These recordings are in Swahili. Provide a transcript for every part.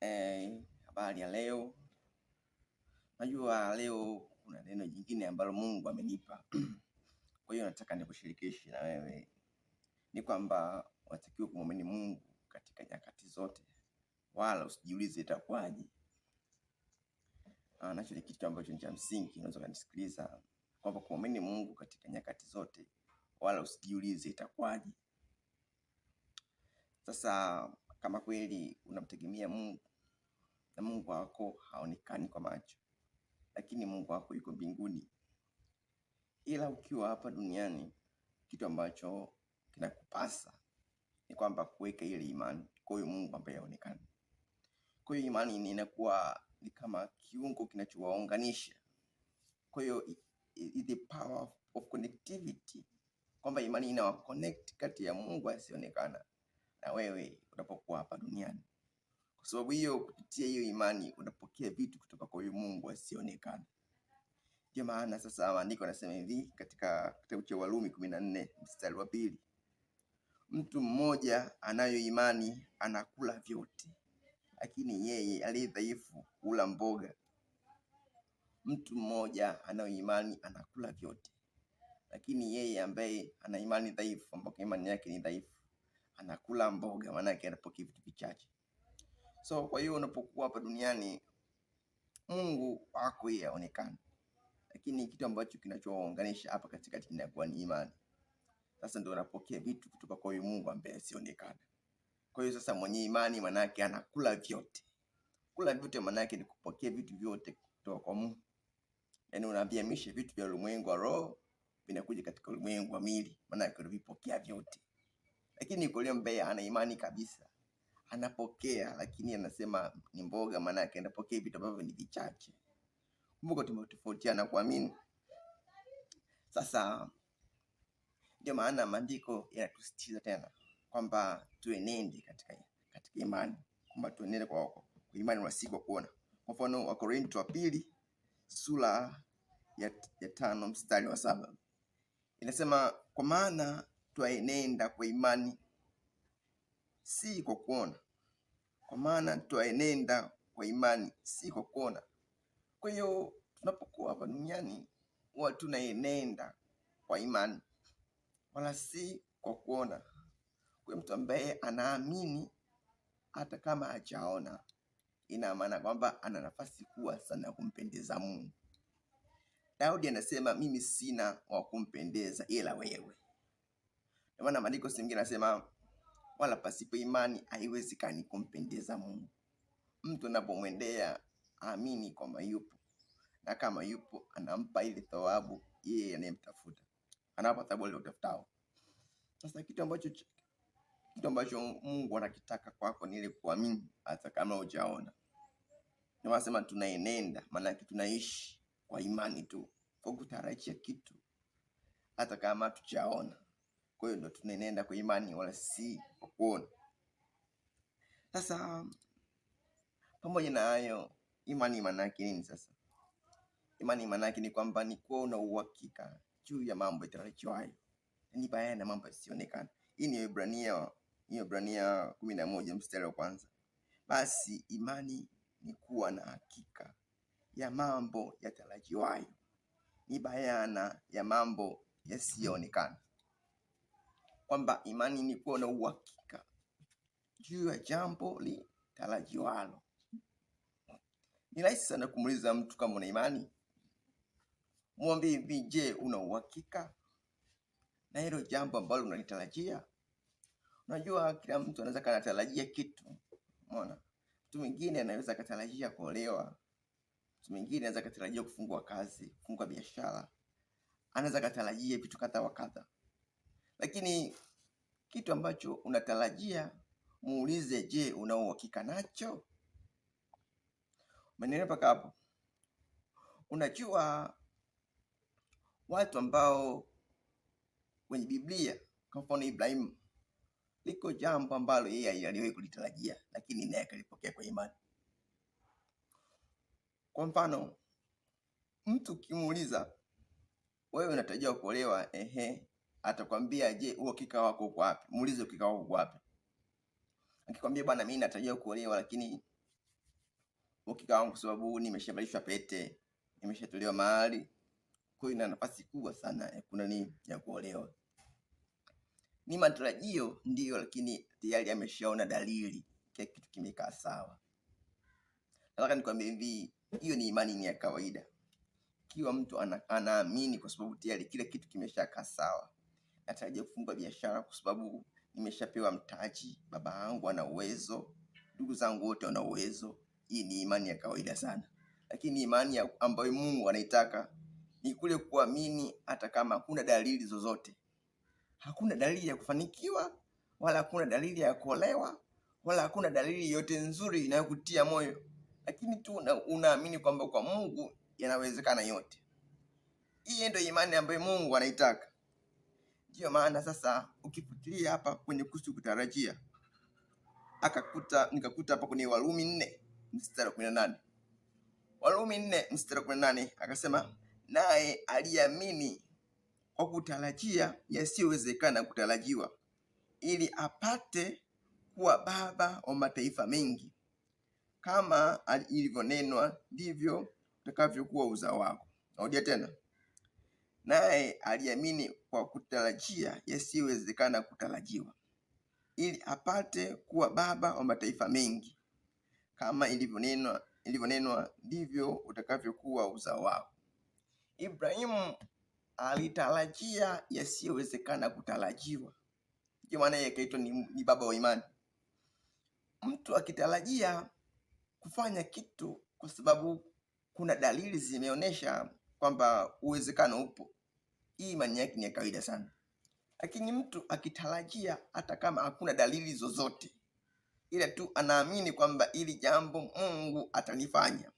Eh, habari ya leo. Najua leo kuna neno jingine ambalo Mungu amenipa kwa hiyo nataka nikushirikishe na wewe, ni kwamba unatakiwa kumwamini Mungu katika nyakati zote, wala usijiulize itakuwaje. Ah, nacho ni kitu ambacho ni cha msingi, unaweza kanisikiliza, kwamba kumwamini Mungu katika nyakati zote, wala usijiulize itakuwaje. Sasa kama kweli unamtegemea Mungu na Mungu wako haonekani kwa macho, lakini Mungu wako yuko mbinguni. Ila ukiwa hapa duniani, kitu ambacho kinakupasa ni kwamba kuweka ile imani, kwa hiyo Mungu ambaye haonekani. Kwa hiyo imani inakuwa ni kama kiungo kinachowaunganisha, kwa hiyo the power of connectivity, kwamba imani inawa connect kati ya Mungu asionekana na wewe unapokuwa hapa duniani. Kwa sababu hiyo, kupitia hiyo imani unapokea vitu kutoka kwa huyu Mungu asionekana. Ndio maana sasa maandiko anasema hivi katika kitabu cha Warumi kumi na nne mstari wa pili mtu mmoja anayo imani anakula vyote, lakini yeye aliye dhaifu hula mboga. Mtu mmoja anayo imani anakula vyote, lakini yeye ambaye ana imani dhaifu, ambapo imani yake ni dhaifu, anakula mboga, maana yake anapokea vitu vichache. So kwa hiyo unapokuwa hapa duniani Mungu wako yeye aonekane, lakini kitu ambacho kinachounganisha hapa katikati kinakuwa ni imani. Sasa ndio unapokea vitu kutoka kwa huyu Mungu ambaye asionekana. Kwa hiyo sasa mwenye imani manake anakula vyote, kula vyote manake ni kupokea vitu vyote kutoka kwa Mungu, yaani unaviamisha vitu vya ulimwengu wa roho vinakuja katika ulimwengu wa mwili, manake unavipokea vyote. Lakini yule ambaye ana imani kabisa anapokea, lakini anasema ni mboga, maana yake anapokea vitu ambavyo ni vichache. Kumbuka tumetofautiana kuamini. Sasa ndio maana maandiko yanatusitiza tena kwamba tuenende katika, katika imani kwamba tuenende kwa, kwa imani na wa kuona. Kwa mfano Wakorintho wa pili sura ya, ya tano mstari wa saba inasema kwa maana twaenenda kwa imani si kwa kuona, kwa maana twaenenda kwa imani, si kwa kuona. Kwa hiyo tunapokuwa hapa duniani huwa tunaenenda kwa imani, wala si kwa kuona. Kwa mtu ambaye anaamini hata kama hajaona, ina maana kwamba ana nafasi kubwa sana ya kumpendeza Mungu. Daudi anasema mimi sina wa kumpendeza ila wewe. Ndio maana maandiko singine anasema wala pasipo imani haiwezekani kumpendeza Mungu. Mtu anapomwendea aamini kwamba yupo, na kama yupo anampa ile thawabu yeye anayemtafuta, anawapa thawabu ile utafutao. Sasa kitu ambacho kitu ambacho Mungu anakitaka kwako ni ile kuamini, hata kama hujaona. Ndio wanasema tunaenenda, maana tunaishi kwa imani tu, kwa kutarajia kitu hata kama tujaona. Kwa hiyo ndo tunaenda kwa imani, wala si kwa kuona. Sasa pamoja na hayo, imani maana yake nini? Sasa imani maana yake ni kwamba ni kuwa una uhakika juu ya mambo yatarajiwayo, ni bayana na mambo yasiyoonekana Hii ni Ibrania Ibrania kumi na moja mstari wa kwanza. Basi imani ni kuwa na hakika ya mambo yatarajiwayo, ni bayana ya mambo yasiyoonekana kwamba imani ni kuwa na uhakika juu ya jambo litarajiwalo. Ni rahisi sana kumuuliza mtu kama una imani, mwambie hivi, je, una uhakika na hilo jambo ambalo unalitarajia? Unajua, kila mtu anaweza kanatarajia kitu. Umeona, mtu mwingine anaweza akatarajia kuolewa, mtu mwingine anaweza akatarajia kufungua kazi, kufungua biashara, anaweza akatarajia vitu kadha wa kadha. Lakini kitu ambacho unatarajia muulize, je, una uhakika nacho? Maneno mpaka hapo. Unajua watu ambao kwenye Biblia, kwa mfano Ibrahimu, liko jambo ambalo yeye aliwahi kulitarajia, lakini naye akalipokea kwa imani. Kwa mfano mtu ukimuuliza, wewe unatarajia kuolewa, ehe, atakwambia je, huo kika wako uko wapi? Muulize kika wako uko wapi. Akikwambia bwana, mimi natarajia kuolewa, lakini uhakika wangu, sababu nimeshavalishwa pete, nimeshatolewa mahali, kwa hiyo ina nafasi kubwa sana ya kuna ni ya kuolewa. Ni matarajio ndiyo, lakini tayari ameshaona dalili, kia kitu kimekaa sawa. Nataka nikwambie hivi, hiyo ni imani, ni ya kawaida kiwa mtu anaamini ana, kwa sababu tayari kila kitu kimeshakaa sawa natarajia kufungua biashara kwa sababu nimeshapewa mtaji, baba yangu ana uwezo, ndugu zangu wote wana uwezo. Hii ni imani ya kawaida sana, lakini imani ambayo Mungu anaitaka ni kule kuamini hata kama hakuna dalili zozote. Hakuna dalili ya kufanikiwa wala hakuna dalili ya kuolewa wala hakuna dalili yote nzuri inayokutia moyo, lakini tu unaamini kwamba kwa Mungu yanawezekana yote. Hii ndio imani ambayo Mungu anaitaka. Ndiyo maana sasa ukifuatilia hapa kwenye kuhusu kutarajia akakuta nikakuta hapa kwenye Warumi nne mstari wa kumi na nane Warumi nne mstari wa kumi na nane akasema naye aliamini kwa kutarajia yasiyowezekana kutarajiwa, ili apate kuwa baba wa mataifa mengi, kama ilivyonenwa ndivyo utakavyokuwa uzao wako. Naudia tena, naye aliamini kwa kutarajia yasiyowezekana kutarajiwa, ili apate kuwa baba wa mataifa mengi, kama ilivyonenwa ilivyonenwa, ndivyo utakavyokuwa uzao wako. Ibrahimu alitarajia yasiyowezekana kutarajiwa, ndio maana yeye akaitwa ni, ni baba wa imani. Mtu akitarajia kufanya kitu kwa sababu kuna dalili zimeonyesha kwamba uwezekano upo. Hii imani yake ni ya kawaida sana, lakini mtu akitarajia hata kama hakuna dalili zozote, ila tu anaamini kwamba ili jambo Mungu atalifanya,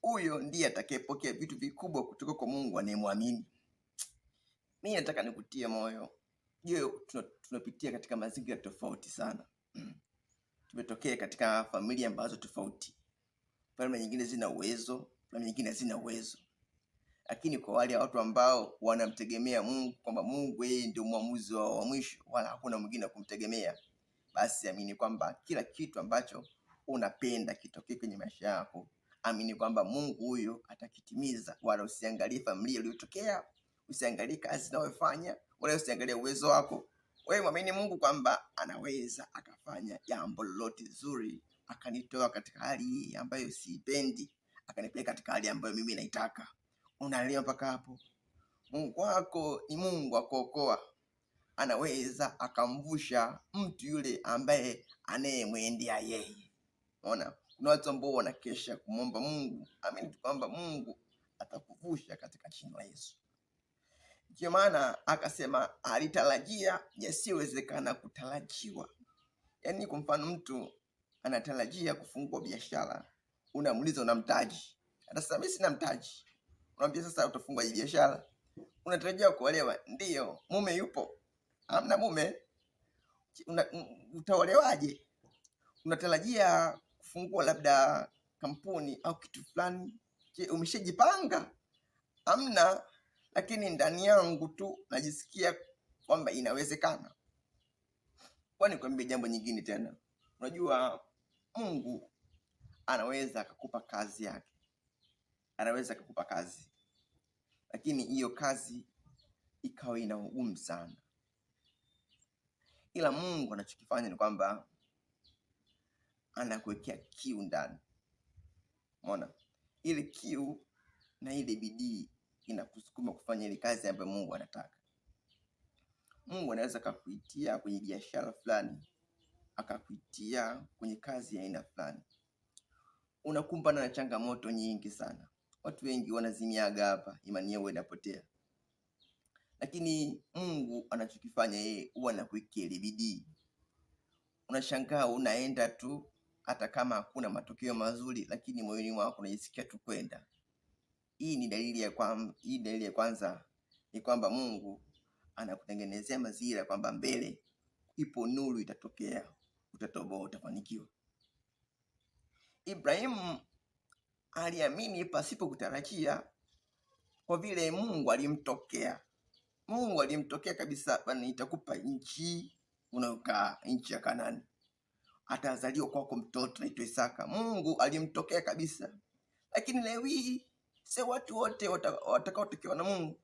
huyo ndiye atakayepokea vitu vikubwa kutoka kwa Mungu anayemwamini. Mi nataka nikutie moyo. Je, tunapitia katika mazingira tofauti sana hmm. tumetokea katika familia ambazo tofauti, familia nyingine zina uwezo, familia nyingine hazina uwezo lakini kwa wale watu ambao wanamtegemea Mungu kwamba Mungu yeye ndio mwamuzi wao wa mwisho, wala hakuna mwingine wa kumtegemea, basi amini kwamba kila kitu ambacho unapenda kitokee kwenye maisha yako, amini kwamba Mungu huyo atakitimiza, wala usiangalie familia iliyotokea, usiangalie kazi unayofanya, wala usiangalie uwezo wako. Wewe mwamini Mungu kwamba anaweza akafanya jambo lolote zuri, akanitoa katika hali hii ambayo siipendi, akanipeleka katika hali ambayo mimi naitaka unalewa mpaka hapo. Mungu wako ni Mungu akuokoa, anaweza akamvusha mtu yule ambaye anayemwendea yeye. Ona, kuna watu ambao wanakesha kumwomba Mungu, amini tu kwamba Mungu atakuvusha katika jina la Yesu. Ndio maana akasema alitarajia yasiyowezekana kutarajiwa. Yaani, kwa mfano, mtu anatarajia kufungua biashara, unamuuliza una mtaji? Atasema mimi sina mtaji. Unamwambia sasa utafungua hii biashara. Unatarajia kuolewa? ndio Mume yupo? Hamna mume. Una, utaolewaje? Unatarajia kufungua labda kampuni au kitu fulani? Je, umeshajipanga? Hamna, lakini ndani yangu tu najisikia kwamba inawezekana. Kwa kuambia jambo nyingine tena, unajua Mungu anaweza akakupa kazi yake, anaweza akakupa kazi lakini hiyo kazi ikawa ina ugumu sana, ila Mungu anachokifanya ni kwamba anakuwekea kiu ndani. Umeona ile kiu na ile bidii inakusukuma kufanya ile kazi ambayo Mungu anataka. Mungu anaweza akakuitia kwenye biashara fulani, akakuitia kwenye kazi ya aina fulani. Unakumbana na changamoto nyingi sana, Watu wengi wanazimiaga hapa, imani yao inapotea. Lakini Mungu anachokifanya yeye huwa anakuwekea bidii. Unashangaa unaenda tu, hata kama hakuna matokeo mazuri, lakini moyoni mwako unajisikia tu kwenda. Hii ni dalili ya kwa, hii dalili ya kwanza ni kwamba Mungu anakutengenezea mazingira kwamba mbele ipo nuru, itatokea, utatoboa, utafanikiwa. Ibrahimu aliamini pasipo kutarajia, kwa vile Mungu alimtokea. Mungu alimtokea kabisa, bana, nitakupa nchi unayokaa, nchi ya Kanani, atazaliwa kwako mtoto naitwa Isaka. Mungu alimtokea kabisa, lakini leo hii sio watu wote watakaotokewa na Mungu,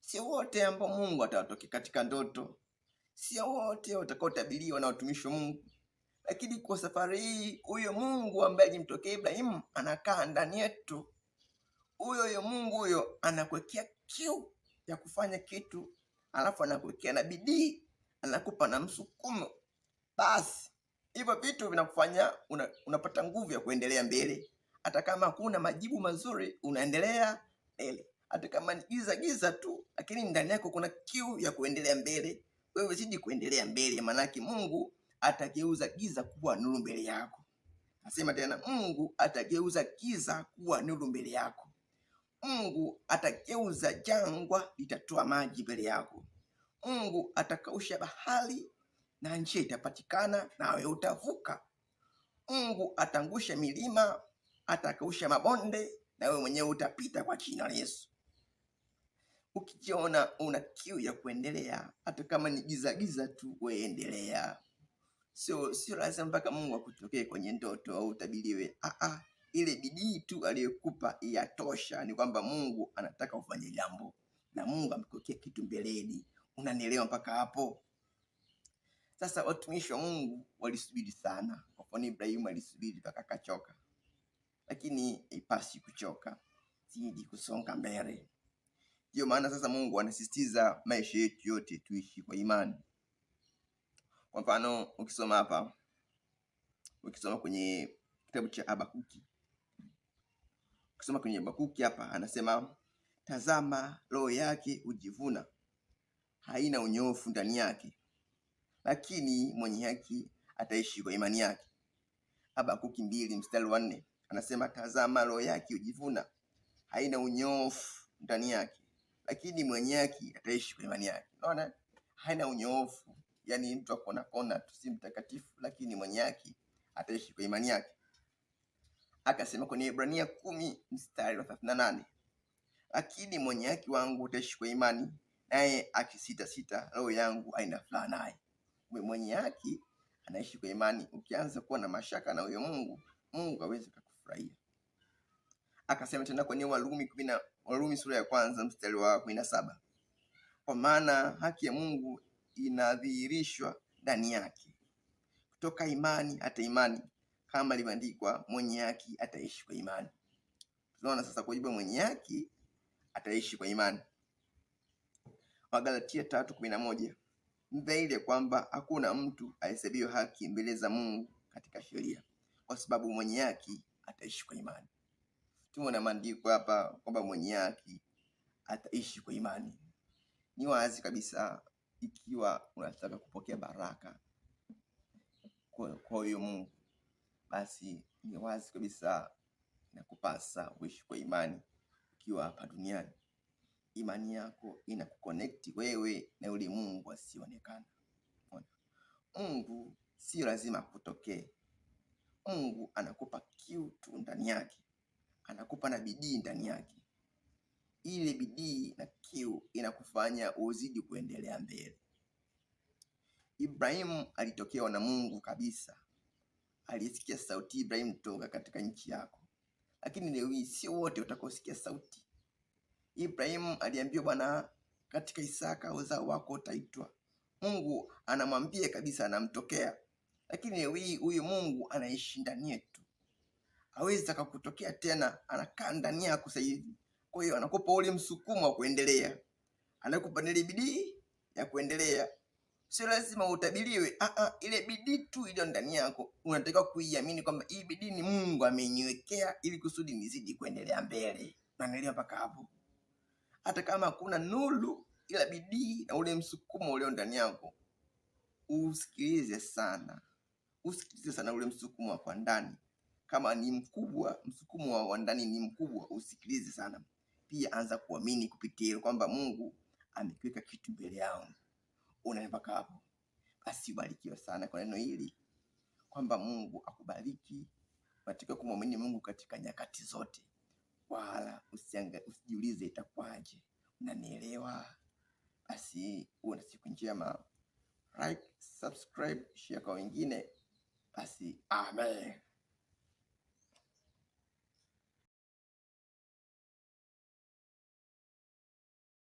sio wote ambao Mungu atawatokea katika ndoto, sio wote watakaotabiriwa na watumishi wa Mungu lakini kwa safari hii huyo Mungu ambaye alimtokea Ibrahimu anakaa ndani yetu. Huyo huyo Mungu huyo anakuwekea kiu ya kufanya kitu, alafu anakuwekea na bidii, anakupa na msukumo. Basi hivyo vitu vinakufanya una, unapata nguvu ya kuendelea mbele. Hata kama hakuna majibu mazuri, unaendelea mbele. Hata kama ni giza giza tu, lakini ndani yako kuna kiu ya kuendelea mbele. Wewe zidi kuendelea mbele, maanake Mungu atageuza giza kuwa nuru mbele yako. Nasema tena, Mungu atageuza giza kuwa nuru mbele yako. Mungu atageuza jangwa litatoa maji mbele yako. Mungu atakausha bahari na njia itapatikana, nawe utavuka. Mungu atangusha milima, atakausha mabonde, nawe mwenyewe utapita kwa jina la Yesu. Ukijiona una kiu ya kuendelea, hata kama ni giza giza tu, weendelea sio sio lazima mpaka Mungu akutokee kwenye ndoto au utabiriwe. Ah, ah, ile bidii tu aliyokupa yatosha. Ni kwamba Mungu anataka ufanye jambo na Mungu amekokea kitu mbeleni. Unanielewa mpaka hapo? Sasa watumishi wa Mungu walisubiri sana, kwa mfano Ibrahimu alisubiri mpaka akachoka, lakini ipasi kuchoka, zidi kusonga mbele. Ndio maana sasa Mungu anasisitiza maisha yetu yote tuishi kwa imani. Kwa mfano ukisoma hapa, ukisoma kwenye kitabu cha Habakuki, ukisoma kwenye Habakuki hapa anasema, tazama roho yake hujivuna, haina unyofu ndani yake, lakini mwenye haki ataishi kwa imani yake. Habakuki mbili mstari wa nne anasema, tazama roho yake hujivuna, haina unyofu ndani yake, lakini mwenye haki ataishi kwa imani yake. Unaona, haina unyofu yani mtu akona kona tu, si mtakatifu lakini mwenye haki ataishi kwa imani yake. Akasema kwenye Ibrania kumi mstari wa thelathini na nane lakini mwenye haki wangu ataishi kwa imani, naye akisita sita, roho yangu haina furaha naye. Mwenye haki anaishi kwa imani. Ukianza kuwa na mashaka na huyo Mungu, Mungu hawezi kukufurahia. Akasema tena kwenye Warumi Warumi sura ya kwanza mstari wa kumi na saba kwa maana haki ya Mungu inadhihirishwa ndani yake kutoka imani hata imani, kama ilivyoandikwa, mwenye haki ataishi kwa imani. Tunaona sasa kwa hivyo mwenye haki ataishi kwa imani. Wagalatia tatu kumi na moja ya kwamba hakuna mtu ahesabiwe haki mbele za Mungu katika sheria, kwa sababu mwenye haki ataishi kwa imani. Tumeona maandiko hapa kwamba mwenye haki ataishi kwa imani. Ni wazi kabisa ikiwa unataka kupokea baraka kwa huyo Mungu, basi ni wazi kabisa inakupasa uishi kwa imani ukiwa hapa duniani. Imani yako inakukonekti wewe na yule Mungu asionekana. Mungu si lazima akutokee. Mungu anakupa kiu tu ndani yake, anakupa na bidii ndani yake ile bidii na kiu inakufanya uzidi kuendelea mbele. Ibrahimu alitokewa na Mungu kabisa, alisikia sauti, Ibrahimu, toka katika nchi yako. Lakini leo hii sio wote utakaosikia sauti. Ibrahimu aliambiwa Bwana, katika Isaka uzao wako utaitwa. Mungu anamwambia kabisa, anamtokea. Lakini leo hii huyu Mungu anaishi ndani yetu, aweza akakutokea tena, anakaa ndani yako sasa hivi kwa hiyo anakupa ule msukumo wa kuendelea, anakupa ile bidii ya kuendelea. Sio lazima utabiriwe, ah ah, ile bidii tu iliyo ndani yako unatakiwa kuiamini kwamba hii bidii ni Mungu ameniwekea ili kusudi nizidi kuendelea mbele. Naelewa mpaka hapo? Hata kama hakuna nuru, ila bidii na ule msukumo ulio ndani yako usikilize sana, usikilize sana ule msukumo wa kwa ndani. Kama ni mkubwa, msukumo wa ndani ni mkubwa, usikilize sana pia anza kuamini kupitia hilo kwamba Mungu amekiweka kitu mbele yao Unaempaka hapo basi, ubarikiwe sana kwa neno hili, kwamba Mungu akubariki. Unatakiwa kumwamini Mungu katika nyakati zote, wala usijiulize itakuwaje. Unanielewa? Basi uwe na siku njema. Like, subscribe, share kwa wengine. Basi amen.